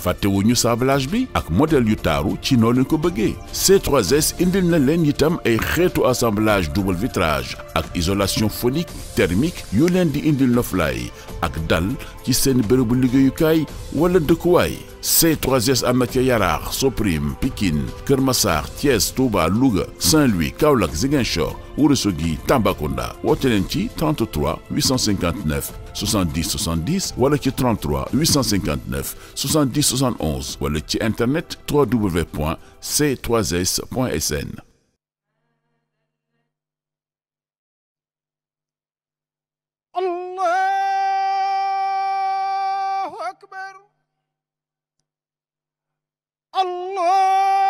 fàttewuñu sablage bi ak modèle yu taaru ci noolu leen ko bëggee c 3 indil na leen itam ay xeetu assemblage double vitrage ak isolation phonique thermique yu leen di indil noflaay ak dal ci seen bërëbu liggéeyukaay wala dëkkuwaay C3S am na ca Yaraax Soprim Pikine Kër Massar Thiès Touba Louga Saint-Louis Kaolack Ziguinchor Ourossogui Tambacounda woote leen ci 33 859 70 70 wala ci 33 859 70 71 wala ci internet www.c3s.sn Allahu akbar Allah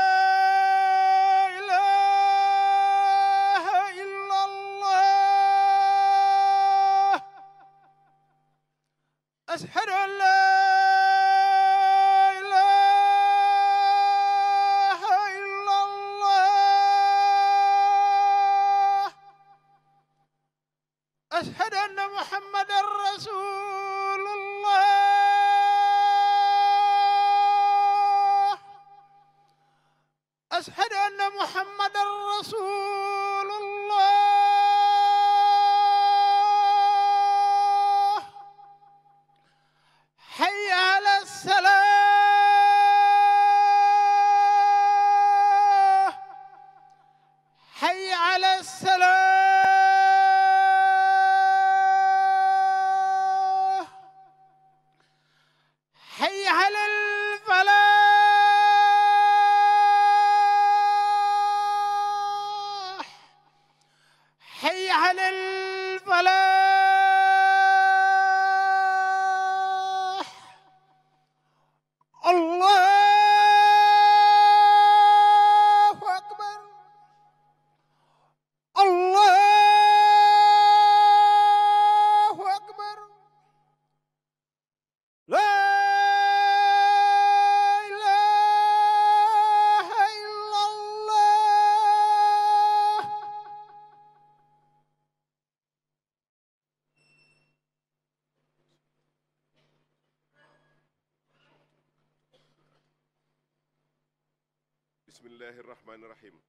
الرحمن الرحيم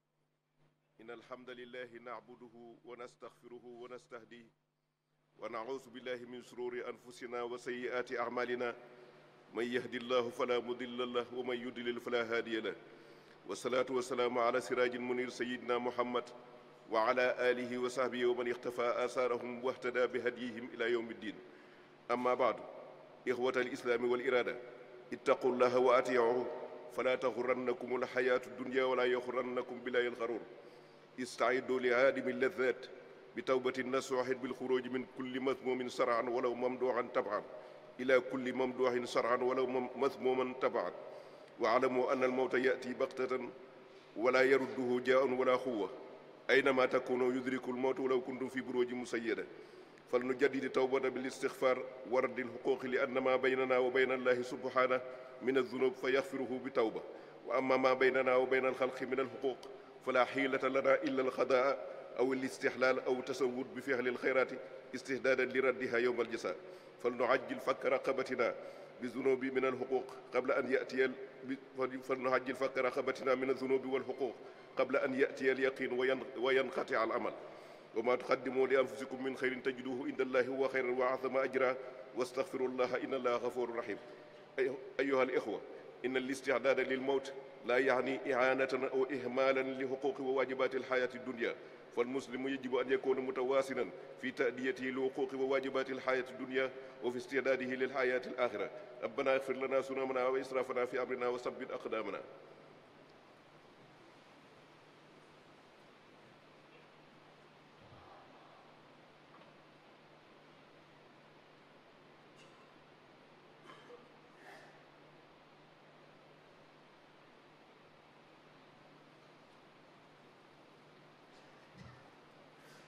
إن الحمد لله نعبده ونستغفره ونستهديه ونعوذ بالله من شرور أنفسنا وسيئات أعمالنا من يهدي الله فلا مضل له ومن يضلل فلا هادي له والصلاة والسلام على سراج منير سيدنا محمد وعلى آله وصحبه ومن اختفى آثارهم واهتدى بهديهم إلى يوم الدين أما بعد إخوة الإسلام والإرادة اتقوا الله وأطيعوه fala taxurannakum alxayaatu dunia wala yaxurannakum billahi alxaruur istaidu li haadimi lazaat bi tawbatin nasuuxin bilxuruuji min kulli masmuumin saraan walaw mamduuxan tabaan ila kulli mamduuxin saraan walaw masmuuman tabaan waalamu anna almawta yaati baxtatan wala yarudduhu jaaun wala xuwa aynama takunu yudriku almawtu walaw kuntum fi buruuji musayyada fal nujaddidi tawbata bil istixfaar wa raddi alxuquuqi li anna ma baynana wa bayna allahi subhaanahu min alzunub fa yaxfiruhu bi tawba wa amma ma baynana wa bayna alxalqi min alxuquq fala xiilata lana illa alxadaa aw alistihlaal aw tasawwur bi fixli alxayraati istihdaadan li raddiha yowma aljasa fal nuajjil fakka raqabatina bi zunubi min alxuquq qabla an yatiya fal nuajjil fakka raqabatina min alzunubi walxuquq qabla an yatiya alyaqin wa yanqatia alamal wa ma tuqaddimu li anfusikum min xayrin tajiduhu inda allahi huwa xayran wa azama ajra wastaxfiru allaha inna allaha gafuurun rahim أيها الإخوة إن الاستعداد للموت لا يعني إهانة أو إهمالا لحقوق وواجبات الحياة الدنيا فالمسلم يجب أن يكون متواصلا في تأديته لحقوق وواجبات الحياة الدنيا وفي استعداده للحياة الآخرة ربنا اغفر لنا سنمنا وإسرافنا في أمرنا وثبت أقدامنا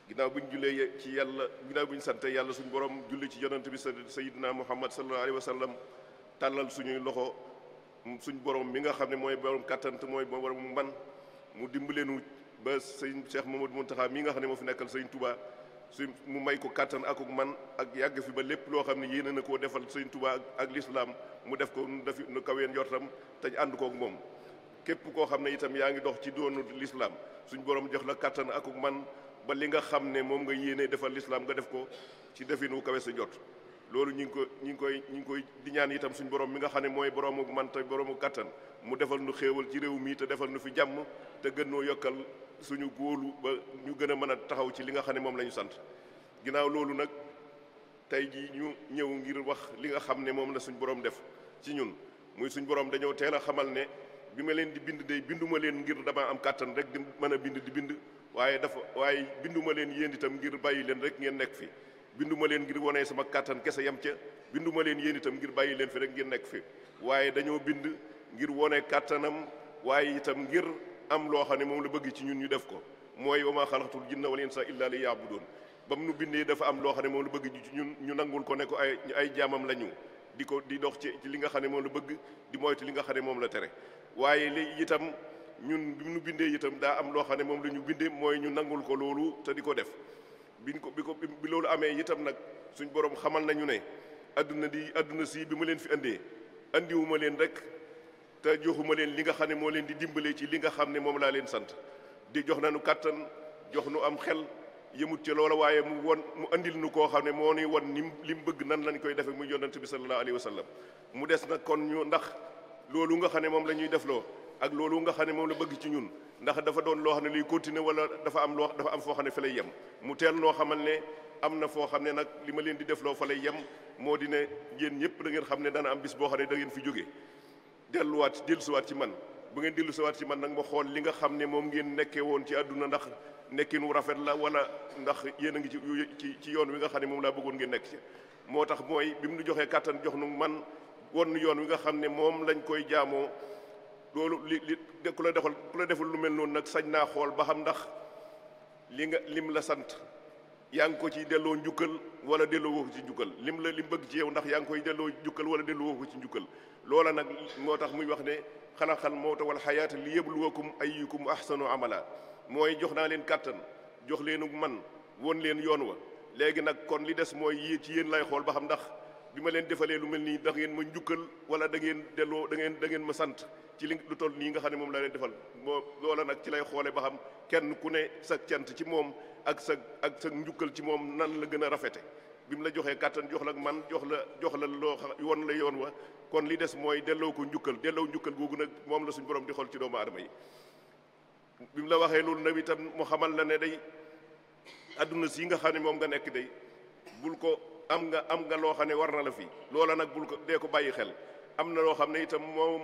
ginnaaw bi ñu jullee ci yàlla ginnaaw bi ñu sante yàlla suñu borom julli ci yonent bi sayidina muhammad sallallahu alayhi wa sallam tàllal suñuy loxo suñu borom mi nga xam ne mooy borom kàttan te mooy borom man mu dimbaleenu ba sëñ Cheikh Mamadou Mountakha mi nga xam ne moo fi nekkal sëñ Touba suñ mu may ko kàttan ak man ak yàgg fi ba lépp loo xam ne yéene na koo defal sëñ Touba ak lislaam mu def ko nu dafi nu kaween yortam te ànd kook moom képp koo xam ne itam yaa ngi dox ci doonu lislaam suñ borom jox la kàttan ak man ba li nga xam ne moom nga yéene defal lislaam nga def ko ci defin wu kawe sa jot loolu ñu ngi ko ñu ngi koy ñu ngi koy di ñaan itam suñu borom mi nga xam ne mooy boroomu man boroomu kattan mu defal nu xéewal ci réew mi te defal nu fi jàmm te gën noo yokkal suñu góolu ba ñu gën a mën a taxaw ci li nga xam ne moom la ñu sant ginnaaw loolu nag tey jii ñu ñëw ngir wax li nga xam ne moom la suñu borom def ci ñun muy suñu borom dañoo teel a xamal ne bi ma leen di bind dey binduma leen ngir dama am kàttan rek di mën a bind di bind waaye dafa waaye binduma leen yéen itam ngir bàyyi leen rek ngeen nekk fi binduma leen ngir wone sama kàttan kese yem ca binduma leen yéen itam ngir bàyyi leen fi rek ngeen nekk fi waaye dañoo bind ngir wone kàttanam waaye itam ngir am loo xam ne moom la bëgg ci ñun ñu def ko mooy wa maa xalaqtul jinna wal insa illa li yaabudoon ba mu nu bindee dafa am loo ne moom la bëgg ci ñun ñu nangul ko ne ko ay ay jaamam la ñu di ko di dox ci li nga xam ne moom la bëgg di moytu li nga xam ne moom la tere waaye li itam ñun bi ñu bindee itam daa am loo xam ne moom la ñu bindee mooy ñu nangul ko loolu te di ko def biñ ko bi ko bi loolu amee itam nag suñ borom xamal nañu ne adduna di adduna sii bi ma leen fi andee andiwuma leen rek te joxuma leen li nga xam ne moo leen di dimbalee ci li nga xam ne moom laa leen sant di jox nañu kàttan jox nu am xel yëmut ci waaye mu won mu andil nu koo xam ne moo nuy won ni li mu bëgg nan lañ koy defe muy yonent bi sallallahu alayhi wa sallam mu des na kon ñu ndax loolu nga xam ne moom la ñuy loo ak loolu nga xam ne moom la bëgg ci ñun ndax dafa doon loo xam ne luy continuer wala dafa am loo dafa am foo xam ne fa lay yem mu teel noo xamal ne am na foo xam ne nag li ma leen di def loo fa yem moo di ne yéen ñëpp da ngeen xam ne dana am bis boo xam da ngeen fi jóge delluwaat dellusiwaat ci man bu ngeen dellusiwaat ci man nag ma xool li nga xam ne moom ngeen nekkee woon ci àdduna ndax nekkin wu rafet la wala ndax yéen a ngi ci ci yoon wi nga xam ne moom laa bëggoon ngeen nekk ci moo tax mooy bi mu nu joxee kàttan jox nu man won yoon wi nga xam ne moom lañ koy jaamoo loolu li li ku la defal ku la deful lu mel noonu nag sañ naa xool ba xam ndax li nga lim la sant yaa ngi ko ci delloo njukkal wala delloo ko ci njukkal lim la lim bëgg ci yow ndax yaa ngi koy delloo njukkal wala delloo ci njukkal loola nag moo tax muy wax ne xalaqal mawta wal xayaata li yabluwakum ayyukum ahsanu amala mooy jox naa leen kàttan jox leenu man won leen yoon wa léegi nag kon li des mooy yéen ci yéen lay xool ba xam ndax bi ma leen defalee lu mel nii da ngeen ma njukkal wala da ngeen delloo dangeen ngeen da ma sant ci li lu toll nii nga xam ne moom la leen defal moo loola nag ci lay xoole ba xam kenn ku ne sa cant ci moom ak sa ak sa njukkal ci moom nan la gën a rafete bi mu la joxee kàttan jox la man jox la jox la loo la yoon wa kon li des mooy delloo ko njukkal delloo njukkal googu nag moom la suñu borom di xool ci doomu aadama yi bi la waxee loolu nag itam mu xamal la ne day adduna sii nga xam ne moom nga nekk day bul ko am nga am nga loo xam ne war na la fi loola nag bul ko dee ko bàyyi xel am na loo xam ne itam moom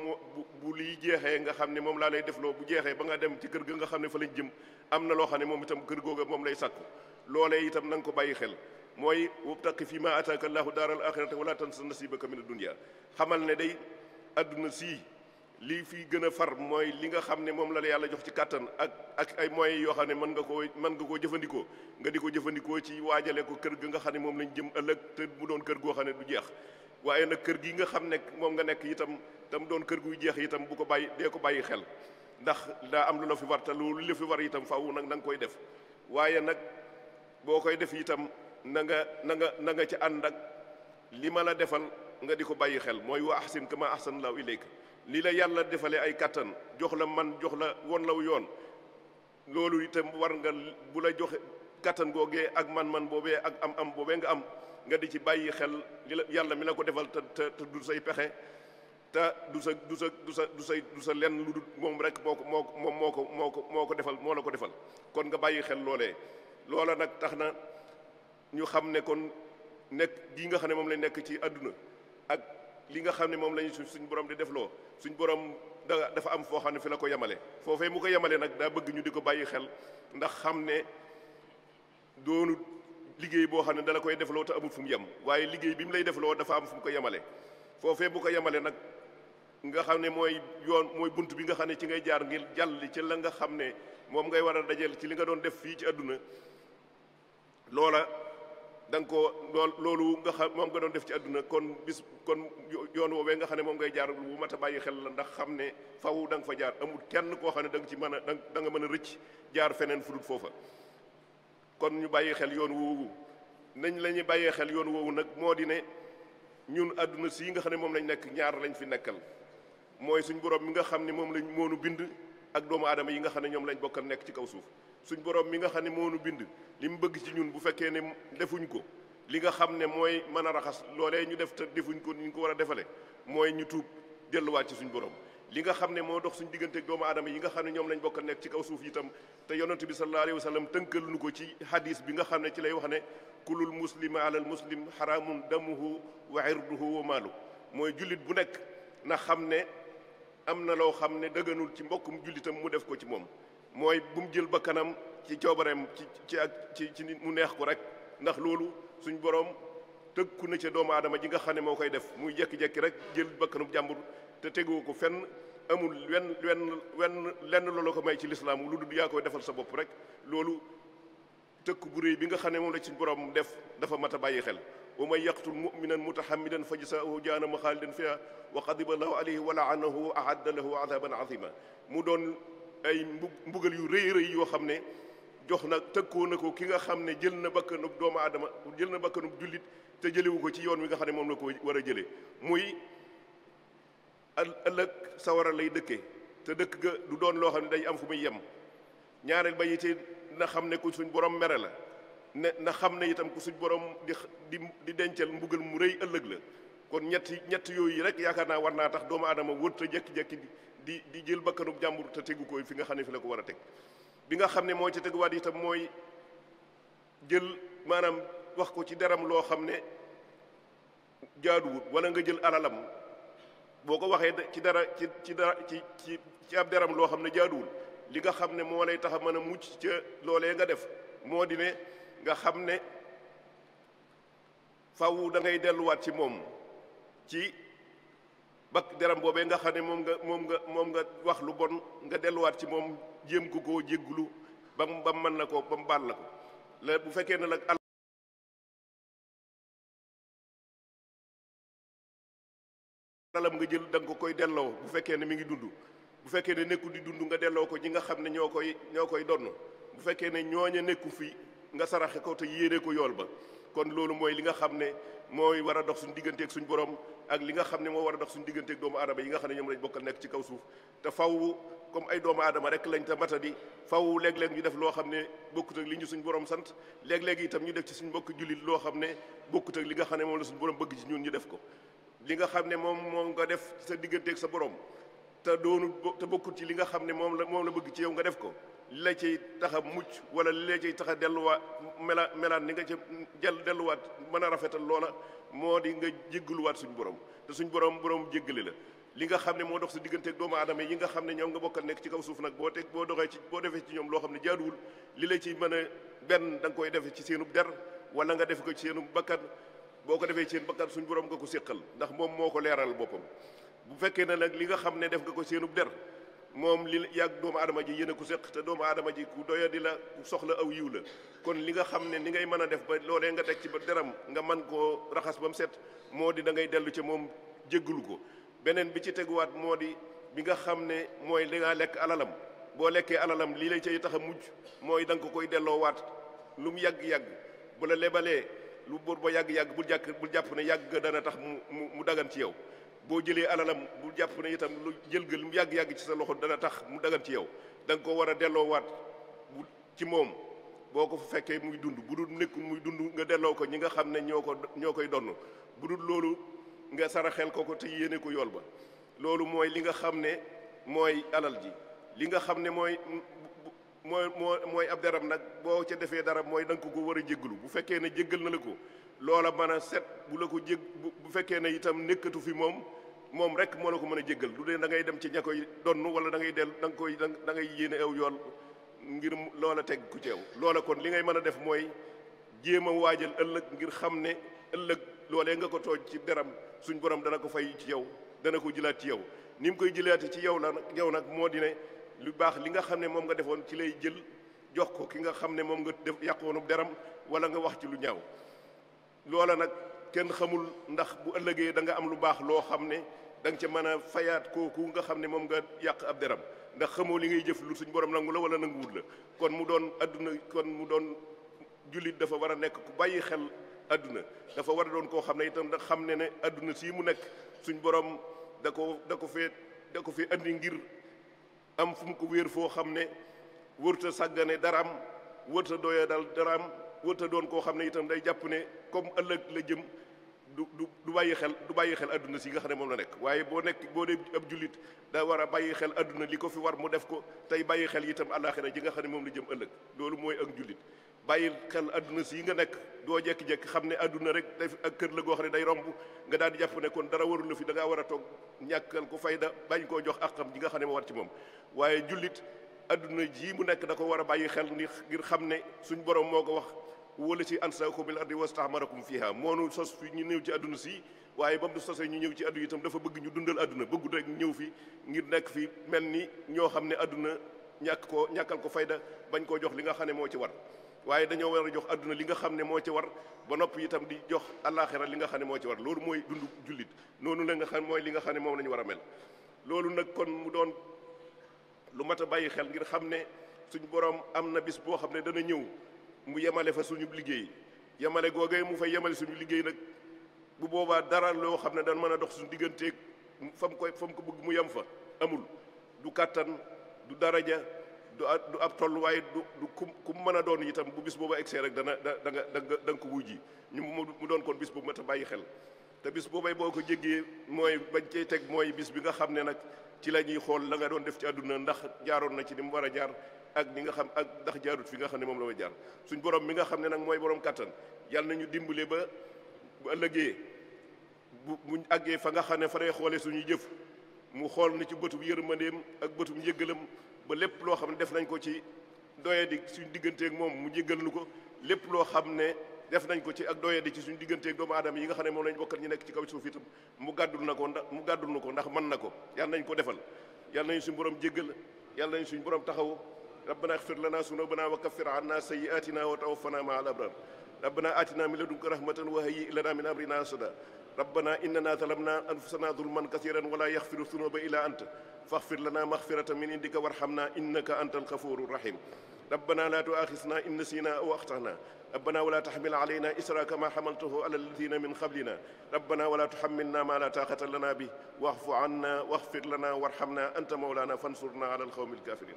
bu lii jeexee nga xam ne moom laa lay def loo bu jeexee ba ngaa dem ci kër ga nga xam ne fa lañ jëm am na loo xam ne moom itam kër googa moom lay sàkku loolee itam na nga ko bàyyi xel mooy wabtaqi fii ma ataaka allahu daaral axirata wala tansa nasibaka mina dunya xamal ne day adduna sii lii fii gën a far mooy li nga xam ne moom la la yàlla jox ci kàttan ak ak ay moyens yoo xam ne mën nga koo mën nga koo jëfandikoo nga di ko jëfandikoo ci waajale ko kër ga nga xam ne moom lañ jëm ëllëg te mu doon kër goo xam ne du jeex waaye nag kër gi nga xam ne moom nga nekk itam tam doon kër guy jeex itam bu ko bàyyi dee ko bàyyi xel ndax daa am lu la fi war te loolu li fi war itam faaw nag na koy def waaye nag boo koy def itam na nga na na nga ci ànd ak li ma la nga di ko bàyyi xel mooy wa ahsin kama ahsana Allahu ilayka la yàlla defalee ay kàttan jox la man jox la won law yoon loolu itam war nga bu la joxe kàttan googee ak man-man boobee ak am am boobee nga am nga di ci bàyyi xel li la yàlla mi la ko defal te te du say pexe te du sa du sa du sa du say du sa lenn lu dul moom rek moo ko moo ko moom moo ko moo ko moo ko defal moo la ko defal kon nga bàyyi xel loole loola nag tax na ñu xam ne kon nekk gii nga xam ne moom lañ nekk ci àdduna ak li nga xam ne moom lañu suñ borom di def loo suñ borom da dafa am foo xam ne fi la ko yemale foofee mu ko yemale nag daa bëgg ñu di ko bàyyi xel ndax xam ne doonut liggéey boo xam ne dala koy defloo te amul fu mu yem waaye liggéey bi mu lay defloo dafa am fu mu ko yemale foofee bu ko yemale nag nga xam ne mooy yoon mooy bunt bi nga xam ne ci ngay jaar ngir jàll ci la nga xam ne moom ngay war a dajale ci li nga doon def fii ci àdduna loola da ko lool loolu nga xam moom nga doon def ci àdduna kon kon yoon woowee nga xam ne moom ngay jaar bu mat a bàyyi xel la ndax xam ne faw da nga jaar amul kenn koo xam ne da nga ci mën a da nga mën a rëcc jaar feneen fu dul foofa kon ñu bàyyi xel yoon woowu nañ la ñuy bàyyee xel yoon woowu nag moo di ne ñun àdduna si yi nga xam ne moom lañu nekk ñaar lañ fi nekkal mooy suñ borom mi nga xam ne moom lañ moonu bind ak doomu aadama yi nga xam ne ñoom lañ bokkal nekk ci kaw suuf suñ borom mi nga xam ne moonu bind li mu bëgg ci ñun bu fekkee ne defuñ ko li nga xam ne mooy mën a raxas loolee ñu def te defuñ ko ni ñu ko war a defale mooy ñu tuub delluwaat ci suñ borom li nga xam ne moo dox suñ digganteeg doomu aadama yi nga xam ne ñoom lañ bokk nekk ci kaw suuf itam te yonent bi sallallahu alayhi wa sallam tënkal nu ko ci hadis bi xam ne ci lay wax ne kulul muslimi alal muslim xaraamun damuhu wa irduhu wa maalu mooy jullit bu nekk na xam ne am na loo xam ne dëgganul ci mbokkum jullitam mu def ko ci moom mooy bu mu jël bakkanam ci coobareem ci ci ak ci ci mu neex ko rek ndax loolu suñ boroom tëkku na ca doomu aadama ji nga xam ne moo koy def muy jekki-jekki rek jël bakkanu jàmbur te tegoo ko fenn amul wenn wenn wenn lenn loolu ko may ci lislaam lu dul yaa koy defal sa bopp rek loolu tëkk bu réy bi nga xam ne moom la ci borom def dafa mat a bàyyi xel wa man yaqtul muminan mutahammidan fa jasaahu jahannama xaalidan fiha wa qadiba allahu alayhi wa laanahu wa ahadda lahu adaban azima mu doon ay mbugal yu rëy yoo xam ne jox na tëkkoo na ko ki nga xam ne jël na bakkanub doomu aadama jël na bakkanub jullit te jëlewu ko ci yoon wi nga xam ne moom la ko war a jëlee muy ëllëg sawara lay dëkkee te dëkk ga du doon loo xam ne day am fu muy yem ñaareel ba it na xam ne ku suñ borom mere la ne na xam ne itam ku suñ borom di di di dencal mbugal mu rëy ëllëg la kon ñetti ñett yooyu rek yaakaar naa war naa tax doomu aadama wër te jékki-jékki di di jël bakkanub jàmbur te tegu ko fi nga xam ne fi la ko war a teg bi nga xam ne moo ci teguwaat itam mooy jël maanaam wax ko ci deram loo xam ne jaaduwut wala nga jël alalam boo ko waxee ci dara ci ci dara ci ci ci ab deram loo xam ne jaaduwul li nga xam ne moo lay tax a mën a mucc ca loolee nga def moo di ne nga xam ne faw dangay delluwaat ci moom ci bak deram boobee nga xam ne moom nga moom nga moom nga wax lu bon nga delluwaat ci moom jéem ko koo jégglu ba mu ba mën la ko ba mu baal la ko la bu fekkee ne nag alam nga jël da ko koy delloo bu fekkee ne mi ngi dund bu fekkee ne nekku di dund nga delloo ko ñi nga xam ne ñoo koy ñoo koy donn bu fekkee ne ñooña nekku fi nga saraxe ko te ko yool ba kon loolu mooy li nga xam ne mooy war a dox suñu digganteeg suñu borom ak li xam ne moo war a dox suñu digganteeg doomu aadama yi nga xam ne ñoom lañ bokkal nekk ci kaw suuf te faw comme ay doomu adama rek lañ te mata di faw léeg-léeg ñu def loo xam ne bokkut ak li ñu suñu borom sant léeg-léeg itam ñu def ci suñ mbokk jullit loo xam ne bokkut ak li nga xam ne moom la suñu borom bëgg ci ñun ñu def ko li nga xam ne moom moom nga def sa digganteeg sa borom te doonu te bokkut ci li nga xam ne moom la moom la bëgg ci yow nga def ko li la tax a mucc wala li tax delluwaat mela melaan ni nga ca jël delluwaat mën a rafetal loola moo di nga jéggaluwaat suñu borom suñu borom borom jéggale la li nga xam ne moo dox sa digganteeg doomu aadama yi nga xam ne ñoom nga bokkal nekk ci kaw suuf nag boo teg boo doxee ci boo defee ci ñoom loo xam ne jaaduwul li la ciy mën a benn danga koy defee ci seenub der wala nga def ko ci seenu bakkan boo ko defee seen bakkan suñ borom nga ko séqal ndax moom moo ko leeral boppam bu fekkee ne nag li nga xam ne def nga ko seenub der moom li yàgg doomu ji yéen ko séq te doomu aadama ji ku doya di la soxla aw yiw la kon li nga xam ne ni ngay mën a def ba loolee nga teg ci ba deram nga man koo raxas ba mu set moo di da ngay dellu ca moom jéggalu ko beneen bi ci teguwaat moo di bi nga xam ne mooy li nga lekk alalam boo lekkee alalam lii lay cay tax a mujj mooy danga nga ko koy delloowaat lu mu yàgg-yàgg bu la lebalee lu bor ba yàgg-yàgg bu jàkk bu jàpp ne yàgg dana tax mu mu dagan ci yow boo jëlee alalam bu jàpp ne itam lu jël ga lu yàgg-yàgg ci sa loxo dana tax mu dagan ci yow danga nga ko war a delloowaat bu ci moom boo ko fa fekkee muy dund bu dul nekkul muy dund nga delloo ko ñi nga xam ne ñoo ko ñoo koy donn bu dul loolu nga saraxel ko ko te yéene ko yool ba loolu mooy li nga xam ne mooy alal ji li nga xam ne mooy mooy moo mooy ab deram nag boo ca defee dara mooy da nga ko ko war a jéggalu bu fekkee ne jéggal na la ko loola mën a set bu la ko jég bu fekkee ne itam nekkatu fi moom moom rek moo la ko mën a jéggal du dee da ngay dem ci ña koy donn wala da ngay del danga nga koy da ngay yéene aw yoon ngir loola teg ku ci loola kon li ngay mën a def mooy jéem a waajal ëllëg ngir xam ne ëllëg loolee nga ko tooj ci deram suñ borom dana ko fay ci yow dana ko jëlaat ci yow ni mu koy jëlaati ci yow la yow nag moo di ne lu baax li nga xam ne moom nga defoon ci lay jël jox ko ki nga xam ne moom nga def yàqoonub deram wala nga wax ci lu ñaaw loola nag kenn xamul ndax bu ëllëgee da nga am lu baax loo xam ne da nga ca mën a fayaat kooku nga xam ne moom nga yàq ab deram ndax xamoo li ngay jëf lu suñ borom nangu la wala nanguwul la kon mu doon adduna kon mu doon jullit dafa war a nekk ku bàyyi xel adduna dafa war a doon koo xam ne itam da xam ne ne adduna sii mu nekk suñ borom da ko da ko fee da ko fee andi ngir am fu mu ko wéer foo xam ne wërta sàggane daraam wërta doya dal daraam wërta doon koo xam ne itam day jàpp ne comme ëllëg la jëm du du du bàyyi xel du bàyyi xel adduna si nga xam ne moom la nekk waaye boo nekk boo dee ab jullit da war a bàyyi xel adduna li ko fi war mu def ko tey bàyyi xel itam àllaaxira ji nga xam ne moom la jëm ëllëg loolu mooy ak jullit bàyyil xel adduna si yi nga nekk doo jékki-jékki xam ne àdduna rek daf ak kër la goo xam ne day romb nga daal di jàpp ne kon dara warul la fi da war a toog ñàkkal ko fayda bañ koo jox ak xam ji nga xam ne moo war moom waaye jullit adduna jii mu nekk da ko war a bàyyi xel ni ngir xam ne suñ borom moo ko wax wala ci ansaakum bil ardi wasta'marakum fiha moonu sos fi ñu ñëw ci adduna si waaye ba mu sosee ñu ñëw ci adduna itam dafa bëgg ñu dundal adduna bëggut rek ñëw ngir nekk fi mel ni ñoo xam ne adduna ñàkk ko ñàkkal ko fayda bañ koo jox li nga xam ne moo ci war waaye dañoo war a jox àdduna li nga xam ne moo ci war ba noppi itam di jox àllaaxira li nga xam ne moo ci war loolu mooy dund jullit noonu la nga xam mooy li nga xam ne moo la war a mel loolu nag kon mu doon lu mat a bàyyi xel ngir xam ne suñ borom am na bis boo xam ne dana ñëw mu yemale fa suñu liggéey yemale googee mu fay yemale suñu liggéey nag bu boobaa dara loo xam ne dana mën a dox suñu digganteeg fa mu koy fa ko bëgg mu yem fa amul du kàttan du daraja du ab tolluwaay du du ku ku mën a doon itam bu bis boobu egsee rek dana danga da nga da nga ko wujji ñu mu doon kon bis bu mat a bàyyi xel te bis boobay boo ko jéggee mooy bañ cay teg mooy bis bi nga xam ne nag ci la ñuy xool la nga doon def ci àdduna ndax jaaroon na ci ni mu war a jaar ak ni nga xam ak ndax jaarut fi nga xam ne moom la ma jaar suñ borom mi nga xam ne nag mooy borom kattan yàlla ñu dimbale ba bu ëllëgee bu muñ àggee fa nga xam ne fa lay xoolee suñu jëf mu xool na ci bëtub yërmandeem ak bëtub njëggalam ba lépp loo xam ne def nañ ko ci doye di suñ moom mu jéggal lu ko lépp loo xam ne def nañ ko ci ak doye di ci suñ digganteeg doomu aadama yi nga xam ne moom lañ bokkal ñu nekk ci kaw suuf itam mu gàddul na ko ndax mu gàddul na ko ndax mën na ko yàlla nañ ko defal yàlla nañ suñ borom jéggal yàlla nañ suñ borom taxawu rabbana axfir lana sunubana wa kaffir anna sayyi'atina wa tawaffana ma al abrar rabbana atina min ladunka rahmatan wa hayyi' lana min amrina rashada ربنا إننا ظلمنا أنفسنا ظلما كثيرا ولا يغفر الذنوب إلا أنت فاغفر لنا مغفرة من عندك وارحمنا إنك أنت الغفور الرحيم ربنا لا تؤاخذنا إن نسينا أو أخطأنا ربنا ولا تحمل علينا إسرا كما حملته على الذين من قبلنا ربنا ولا تحملنا ما لا طاقة لنا به واعف عنا واغفر لنا وارحمنا أنت مولانا فانصرنا على القوم الكافرين